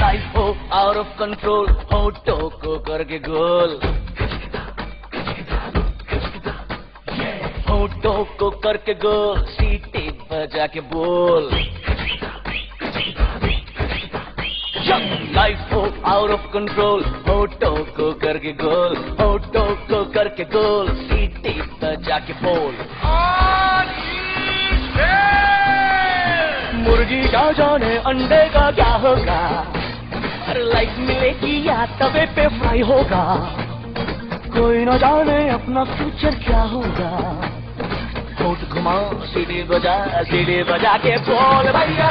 Life हो out of control हो टोको करके गोल हो oh, टोको oh, करके गोल सीटी बजा के बोल लाइफ हो आउट ऑफ कंट्रोल हो टोको करके गोल हो oh, टोको करके गोल सीटी बजा के बोल मुर्गी का जाने अंडे का क्या होगा हर लाइफ मिलेगी या तवे पे फ्राई होगा कोई न जाने अपना फ्यूचर क्या होगा घुमाओ सीढ़ी बजा सीढ़ी बजा के बोल भैया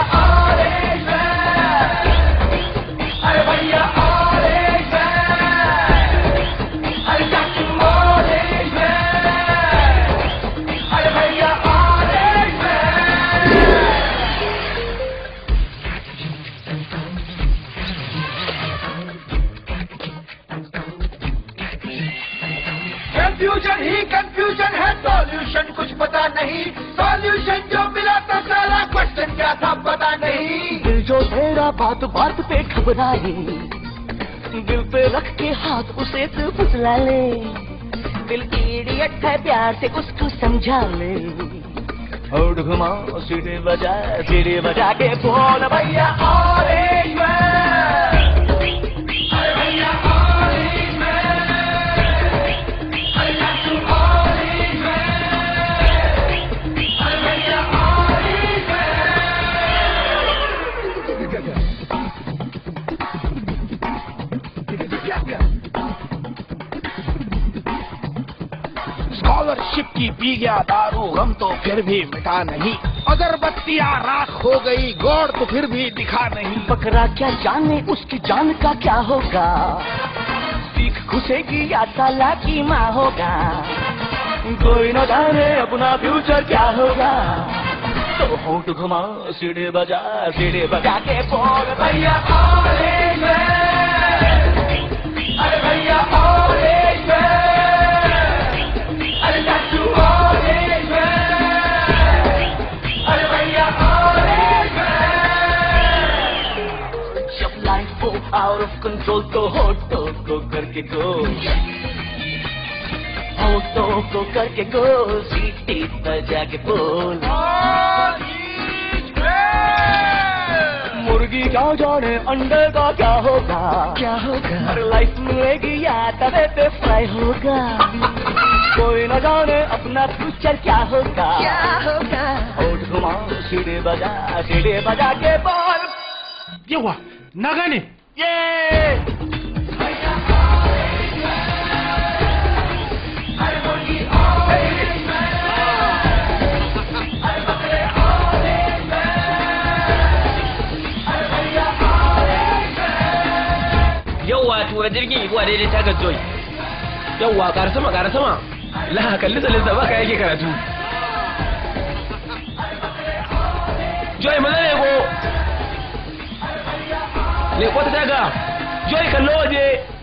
कंफ्यूजन ही कंफ्यूजन है सॉल्यूशन कुछ पता नहीं सॉल्यूशन जो मिला था सारा क्वेश्चन क्या था पता नहीं दिल जो तेरा बात बात पे घबराए दिल पे रख के हाथ उसे तू फुसला ले दिल इडियट है प्यार से उसको समझा ले और घुमाओ सीढ़ी बजा सीढ़ी बजा के बोल भैया और एक बार पावर शिप की पी गया दारू गम तो फिर भी मिटा नहीं अगरबत्तियाँ राख हो गई गौड़ तो फिर भी दिखा नहीं पकड़ा क्या जाने उसकी जान का क्या होगा सीख घुसेगी या ताला की माँ होगा कोई न जाने अपना फ्यूचर क्या होगा तो होट घुमा सीढ़े बजा सीढ़े बजा के बोल भैया अरे भैया कंट्रोल तो होटो को करके गो होटो को करके गो सीटी बजा के बोल मुर्गी क्या जाने अंडे का क्या होगा क्या होगा हर लाइफ मिलेगी या तवे पे फ्राई होगा कोई न जाने अपना फ्यूचर क्या होगा क्या होगा होठ घुमाओ सीढ़ी बजा सीढ़ी बजा के बोल ये हुआ ना Yeah! yauwa tura jirgin iguwa daidai tagar joy yauwa ƙara sama ƙara sama la kalli salinsa baka yake karatu joy maza ne ko leƙo ta daga joy kallo waje